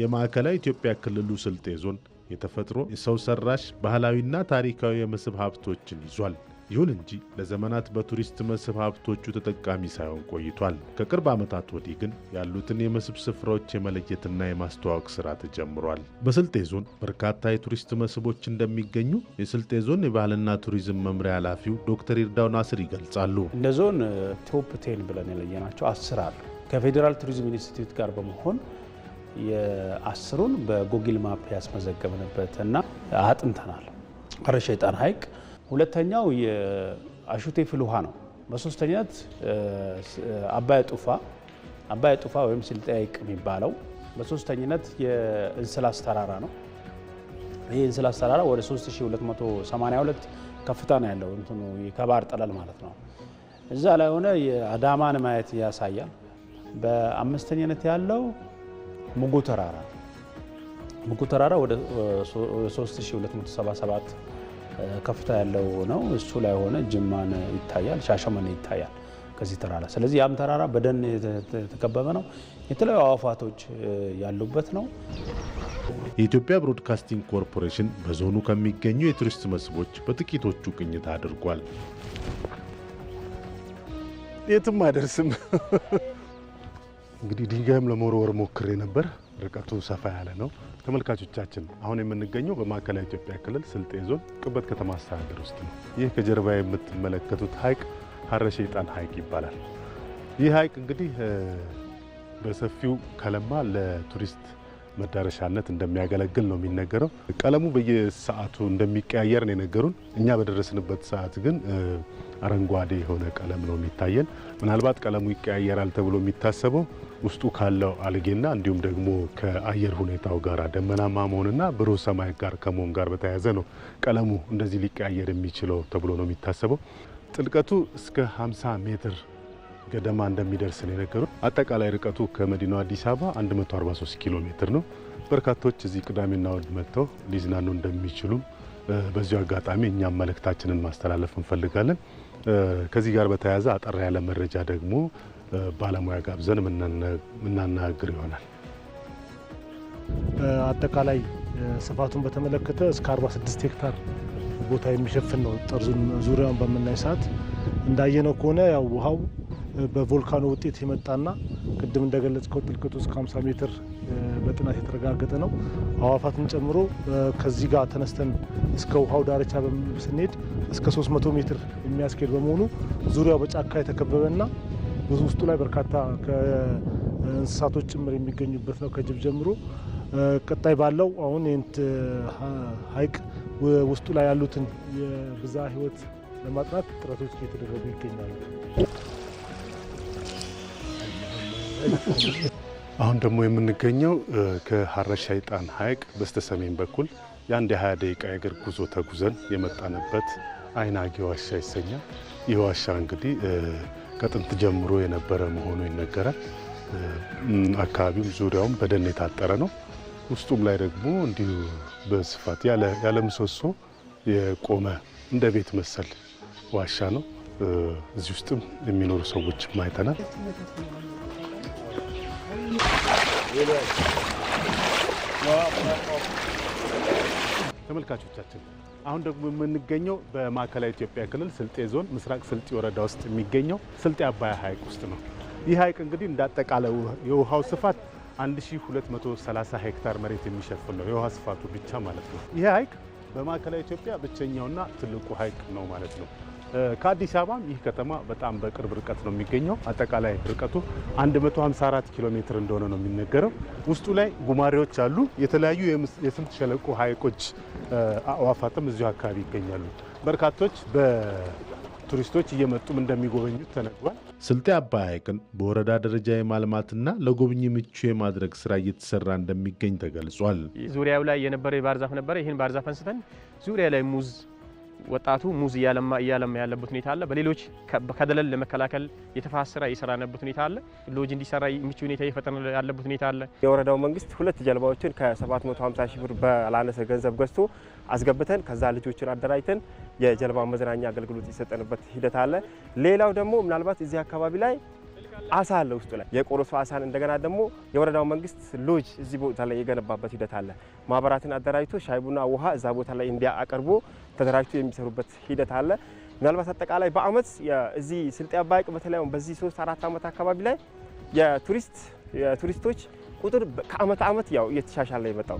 የማዕከላዊ ኢትዮጵያ ክልሉ ስልጤ ዞን የተፈጥሮ የሰው ሰራሽ ባህላዊና ታሪካዊ የመስህብ ሀብቶችን ይዟል። ይሁን እንጂ ለዘመናት በቱሪስት መስህብ ሀብቶቹ ተጠቃሚ ሳይሆን ቆይቷል። ከቅርብ ዓመታት ወዲህ ግን ያሉትን የመስህብ ስፍራዎች የመለየትና የማስተዋወቅ ስራ ተጀምሯል። በስልጤ ዞን በርካታ የቱሪስት መስህቦች እንደሚገኙ የስልጤ ዞን የባህልና ቱሪዝም መምሪያ ኃላፊው ዶክተር ይርዳው ናስር ይገልጻሉ። እንደ ዞን ቶፕ ቴን ብለን የለየናቸው አስር አሉ። ከፌዴራል ቱሪዝም ኢንስቲትዩት ጋር በመሆን የአስሩን በጉግል ማፕ ያስመዘገብንበት እና አጥንተናል። ሐረ ሸይጣን ሀይቅ፣ ሁለተኛው የአሹቴ ፍል ውሃ ነው። በሶስተኛት አባይ ጡፋ አባይ ጡፋ ወይም ስልጤ ሐይቅ የሚባለው በሶስተኝነት የእንስላስ ተራራ ነው። ይህ እንስላስ ተራራ ወደ 3282 ከፍታ ነው ያለው እንትኑ ከባህር ጠለል ማለት ነው። እዛ ላይ ሆነ የአዳማን ማየት ያሳያል። በአምስተኝነት ያለው ሙጎ ተራራ ሙጎ ተራራ ወደ 3277 ከፍታ ያለው ነው። እሱ ላይ ሆነ ጅማን ይታያል፣ ሻሸመኔ ይታያል ከዚህ ተራራ። ስለዚህ ያም ተራራ በደን የተከበበ ነው፣ የተለያዩ አዋፋቶች ያሉበት ነው። የኢትዮጵያ ብሮድካስቲንግ ኮርፖሬሽን በዞኑ ከሚገኙ የቱሪስት መስህቦች በጥቂቶቹ ቅኝት አድርጓል። የትም አይደርስም? እንግዲህ ድንጋይም ለመወርወር ሞክሬ ነበር። ርቀቱ ሰፋ ያለ ነው። ተመልካቾቻችን አሁን የምንገኘው በማዕከላዊ ኢትዮጵያ ክልል ስልጤ ዞን ቅበት ከተማ አስተዳደር ውስጥ ነው። ይህ ከጀርባ የምትመለከቱት ሀይቅ ሀረ ሸይጣን ሀይቅ ይባላል። ይህ ሀይቅ እንግዲህ በሰፊው ከለማ ለቱሪስት መዳረሻነት እንደሚያገለግል ነው የሚነገረው። ቀለሙ በየሰዓቱ እንደሚቀያየር ነው የነገሩን። እኛ በደረስንበት ሰዓት ግን አረንጓዴ የሆነ ቀለም ነው የሚታየን። ምናልባት ቀለሙ ይቀያየራል ተብሎ የሚታሰበው ውስጡ ካለው አልጌና እንዲሁም ደግሞ ከአየር ሁኔታው ጋር ደመናማ መሆንና ብሩህ ሰማይ ጋር ከመሆን ጋር በተያያዘ ነው ቀለሙ እንደዚህ ሊቀያየር የሚችለው ተብሎ ነው የሚታሰበው። ጥልቀቱ እስከ 50 ሜትር ገደማ እንደሚደርስ ነው የነገሩት። አጠቃላይ ርቀቱ ከመዲናው አዲስ አበባ 143 ኪሎ ሜትር ነው። በርካቶች እዚህ ቅዳሜና እሁድ መጥተው ሊዝናኑ እንደሚችሉም በዚሁ አጋጣሚ እኛም መልእክታችንን ማስተላለፍ እንፈልጋለን። ከዚህ ጋር በተያያዘ አጠር ያለ መረጃ ደግሞ ባለሙያ ጋብዘን የምናናግር ይሆናል። አጠቃላይ ስፋቱን በተመለከተ እስከ 46 ሄክታር ቦታ የሚሸፍን ነው። ጠርዙን ዙሪያውን በምናይ ሰዓት እንዳየነው ከሆነ ያው ውሃው በቮልካኖ ውጤት የመጣና ቅድም እንደገለጽከው ጥልቀቱ እስከ 50 ሜትር በጥናት የተረጋገጠ ነው። አዋፋትን ጨምሮ ከዚህ ጋር ተነስተን እስከ ውሃው ዳርቻ ስንሄድ እስከ 300 ሜትር የሚያስኬድ በመሆኑ ዙሪያው በጫካ የተከበበና ውስጡ ላይ በርካታ ከእንስሳቶች ጭምር የሚገኙበት ነው ከጅብ ጀምሮ ቀጣይ ባለው አሁን ይህንት ሀይቅ ውስጡ ላይ ያሉትን የብዝሃ ህይወት ለማጥናት ጥረቶች እየተደረጉ ይገኛሉ። አሁን ደግሞ የምንገኘው ከሀረር ሸይጣን ሀይቅ በስተሰሜን በኩል የአንድ የ20 ደቂቃ የእግር ጉዞ ተጉዘን የመጣንበት አይናጌ ዋሻ ይሰኛል። ይህ ዋሻ እንግዲህ ከጥንት ጀምሮ የነበረ መሆኑ ይነገራል። አካባቢውም ዙሪያውም በደን የታጠረ ነው። ውስጡም ላይ ደግሞ እንዲሁ በስፋት ያለ ምሰሶ የቆመ እንደ ቤት መሰል ዋሻ ነው። እዚህ ውስጥም የሚኖሩ ሰዎችም አይተናል። ተመልካቾቻችን አሁን ደግሞ የምንገኘው በማዕከላዊ ኢትዮጵያ ክልል ስልጤ ዞን ምስራቅ ስልጤ ወረዳ ውስጥ የሚገኘው ስልጤ አባያ ሐይቅ ውስጥ ነው። ይህ ሐይቅ እንግዲህ እንዳጠቃላይ የውሃው ስፋት 1230 ሄክታር መሬት የሚሸፍን ነው፣ የውሃ ስፋቱ ብቻ ማለት ነው። ይህ ሐይቅ በማዕከላዊ ኢትዮጵያ ብቸኛውና ትልቁ ሐይቅ ነው ማለት ነው። ከአዲስ አበባም ይህ ከተማ በጣም በቅርብ ርቀት ነው የሚገኘው። አጠቃላይ ርቀቱ 154 ኪሎ ሜትር እንደሆነ ነው የሚነገረው። ውስጡ ላይ ጉማሬዎች አሉ። የተለያዩ የስምጥ ሸለቆ ሐይቆች፣ አዕዋፋትም እዚሁ አካባቢ ይገኛሉ። በርካቶች በቱሪስቶች እየመጡም እንደሚጎበኙት ተነግሯል። ስልጤ አባይ ሐይቅን በወረዳ ደረጃ የማልማትና ለጎብኚ ምቹ የማድረግ ስራ እየተሰራ እንደሚገኝ ተገልጿል። ዙሪያው ላይ የነበረ የባህር ዛፍ ነበረ። ይህን ባህር ዛፍ አንስተን ዙሪያ ላይ ሙዝ ወጣቱ ሙዝ እያለማ እያለማ ያለበት ሁኔታ አለ። በሌሎች ከደለል ለመከላከል የተፋሰ ስራ ሁኔታ አለ። ሎጅ እንዲሰራ የሚችል ሁኔታ እየፈጠረ ያለበት ሁኔታ አለ። የወረዳው መንግስት ሁለት ጀልባዎችን ከ750 ሺህ ብር ባላነሰ ገንዘብ ገዝቶ አስገብተን ከዛ ልጆችን አደራጅተን የጀልባ መዝናኛ አገልግሎት የሰጠንበት ሂደት አለ። ሌላው ደግሞ ምናልባት እዚህ አካባቢ ላይ አሳ አለ ውስጡ ላይ የቆሮሶ አሳን እንደገና ደግሞ የወረዳው መንግስት ሎጅ እዚህ ቦታ ላይ የገነባበት ሂደት አለ። ማህበራትን አደራጅቶ ሻይ ቡና፣ ውሃ እዛ ቦታ ላይ እንዲያ አቅርቦ ተደራጅቶ የሚሰሩበት ሂደት አለ። ምናልባት አጠቃላይ በአመት እዚህ ስልጤ አባይ ሐይቅ በዚህ ሶስት አራት ዓመት አካባቢ ላይ የቱሪስት የቱሪስቶች ቁጥር ከአመት ዓመት ያው እየተሻሻለ የመጣው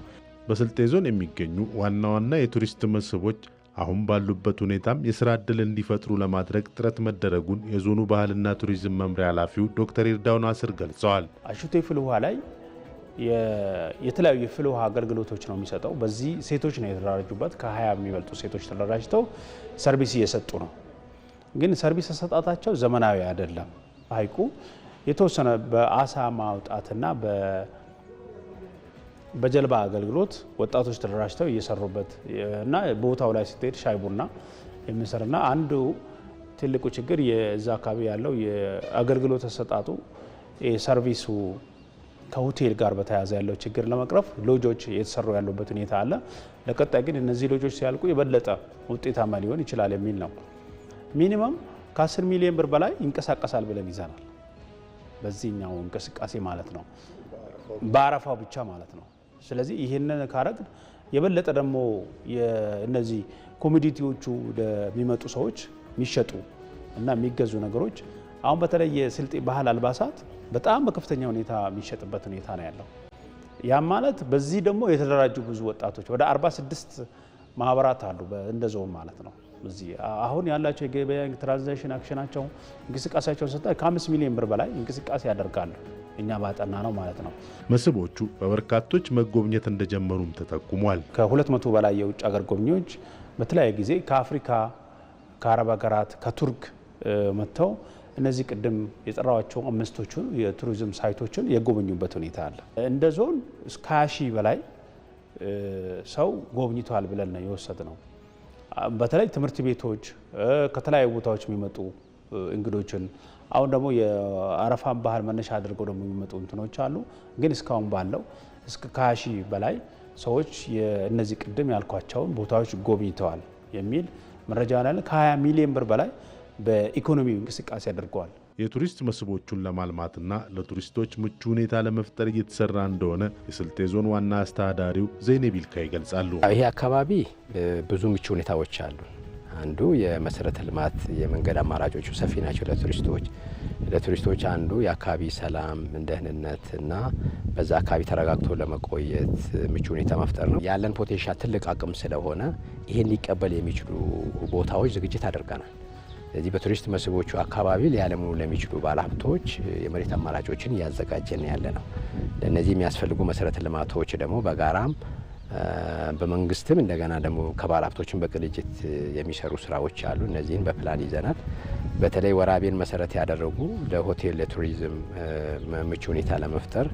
በስልጤ ዞን የሚገኙ ዋና ዋና የቱሪስት መስህቦች አሁን ባሉበት ሁኔታም የስራ ዕድል እንዲፈጥሩ ለማድረግ ጥረት መደረጉን የዞኑ ባህልና ቱሪዝም መምሪያ ኃላፊው ዶክተር ይርዳው ናስር ገልጸዋል። አሹቴ ፍል ውሃ ላይ የተለያዩ የፍል ውሃ አገልግሎቶች ነው የሚሰጠው። በዚህ ሴቶች ነው የተደራጁበት። ከ20 የሚበልጡ ሴቶች ተደራጅተው ሰርቪስ እየሰጡ ነው። ግን ሰርቪስ አሰጣጣቸው ዘመናዊ አይደለም። ሀይቁ የተወሰነ በአሳ ማውጣትና በጀልባ አገልግሎት ወጣቶች ተደራጅተው እየሰሩበት እና ቦታው ላይ ስትሄድ ሻይ ቡና የምንሰርና አንዱ ትልቁ ችግር የዛ አካባቢ ያለው የአገልግሎት ተሰጣጡ የሰርቪሱ ከሆቴል ጋር በተያያዘ ያለው ችግር ለመቅረፍ ሎጆች እየተሰሩ ያሉበት ሁኔታ አለ። ለቀጣይ ግን እነዚህ ሎጆች ሲያልቁ የበለጠ ውጤታማ ሊሆን ይችላል የሚል ነው። ሚኒመም ከ10 ሚሊዮን ብር በላይ ይንቀሳቀሳል ብለን ይዘናል። በዚህኛው እንቅስቃሴ ማለት ነው፣ በአረፋው ብቻ ማለት ነው። ስለዚህ ይህንን ካረግ የበለጠ ደግሞ እነዚህ ኮሚዲቲዎቹ ለሚመጡ ሰዎች የሚሸጡ እና የሚገዙ ነገሮች አሁን በተለይ የስልጤ ባህል አልባሳት በጣም በከፍተኛ ሁኔታ የሚሸጥበት ሁኔታ ነው ያለው። ያም ማለት በዚህ ደግሞ የተደራጁ ብዙ ወጣቶች ወደ 46 ማህበራት አሉ እንደዞውም ማለት ነው። እዚህ አሁን ያላቸው የገበያ ትራንዛክሽን አክሽናቸው እንቅስቃሴያቸውን ስታይ ከአምስት ሚሊዮን ብር በላይ እንቅስቃሴ ያደርጋሉ። እኛ ባጠና ነው ማለት ነው። መስህቦቹ በበርካቶች መጎብኘት እንደጀመሩም ተጠቁሟል። ከ መቶ በላይ የውጭ ሀገር ጎብኚዎች በተለያየ ጊዜ ከአፍሪካ፣ ከአረብ ሀገራት፣ ከቱርክ መጥተው እነዚህ ቅድም የጠራዋቸው አምስቶቹን የቱሪዝም ሳይቶችን የጎበኙበት ሁኔታ አለ። እንደ ዞን እስከ 20 ሺህ በላይ ሰው ጎብኝቷል ብለን ነው የወሰድ ነው። በተለይ ትምህርት ቤቶች ከተለያዩ ቦታዎች የሚመጡ እንግዶችን አሁን ደግሞ የአረፋን ባህል መነሻ አድርገው ደግሞ የሚመጡ እንትኖች አሉ። ግን እስካሁን ባለው እስከ ከሀያ ሺህ በላይ ሰዎች እነዚህ ቅድም ያልኳቸውን ቦታዎች ጎብኝተዋል የሚል መረጃ ያለ ከ20 ሚሊዮን ብር በላይ በኢኮኖሚ እንቅስቃሴ አድርገዋል። የቱሪስት መስህቦቹን ለማልማትና ለቱሪስቶች ምቹ ሁኔታ ለመፍጠር እየተሰራ እንደሆነ የስልጤ ዞን ዋና አስተዳዳሪው ዘይኔ ቢልካ ይገልጻሉ። ይሄ አካባቢ ብዙ ምቹ ሁኔታዎች አሉ። አንዱ የመሰረተ ልማት የመንገድ አማራጮቹ ሰፊ ናቸው። ለቱሪስቶች ለቱሪስቶች አንዱ የአካባቢ ሰላም ደህንነት እና በዛ አካባቢ ተረጋግቶ ለመቆየት ምቹ ሁኔታ መፍጠር ነው። ያለን ፖቴንሻል ትልቅ አቅም ስለሆነ ይህን ሊቀበል የሚችሉ ቦታዎች ዝግጅት አድርገናል። ስለዚህ በቱሪስት መስህቦቹ አካባቢ ሊያለሙ ለሚችሉ ባለሀብቶች የመሬት አማራጮችን እያዘጋጀን ያለ ነው። ለእነዚህ የሚያስፈልጉ መሰረተ ልማቶች ደግሞ በጋራም በመንግስትም እንደገና ደግሞ ከባለሀብቶችን በቅንጅት የሚሰሩ ስራዎች አሉ። እነዚህን በፕላን ይዘናል። በተለይ ወራቤን መሰረት ያደረጉ ለሆቴል ለቱሪዝም ምቹ ሁኔታ ለመፍጠር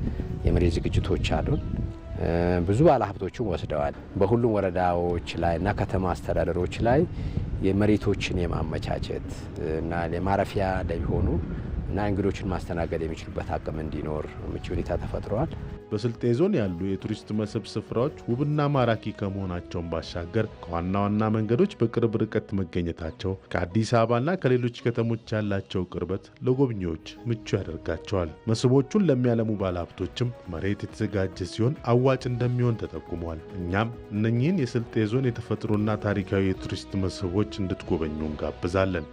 የመሬት ዝግጅቶች አሉን። ብዙ ባለሀብቶችን ወስደዋል። በሁሉም ወረዳዎች ላይ እና ከተማ አስተዳደሮች ላይ የመሬቶችን የማመቻቸት እና ለማረፊያ ለሚሆኑ እና እንግዶችን ማስተናገድ የሚችሉበት አቅም እንዲኖር ምቹ ሁኔታ ተፈጥሯል። በስልጤ ዞን ያሉ የቱሪስት መስህብ ስፍራዎች ውብና ማራኪ ከመሆናቸውን ባሻገር ከዋና ዋና መንገዶች በቅርብ ርቀት መገኘታቸው ከአዲስ አበባና ከሌሎች ከተሞች ያላቸው ቅርበት ለጎብኚዎች ምቹ ያደርጋቸዋል። መስህቦቹን ለሚያለሙ ባለሀብቶችም መሬት የተዘጋጀ ሲሆን አዋጭ እንደሚሆን ተጠቁሟል። እኛም እነኚህን የስልጤ ዞን የተፈጥሮና ታሪካዊ የቱሪስት መስህቦች እንድትጎበኙ እንጋብዛለን።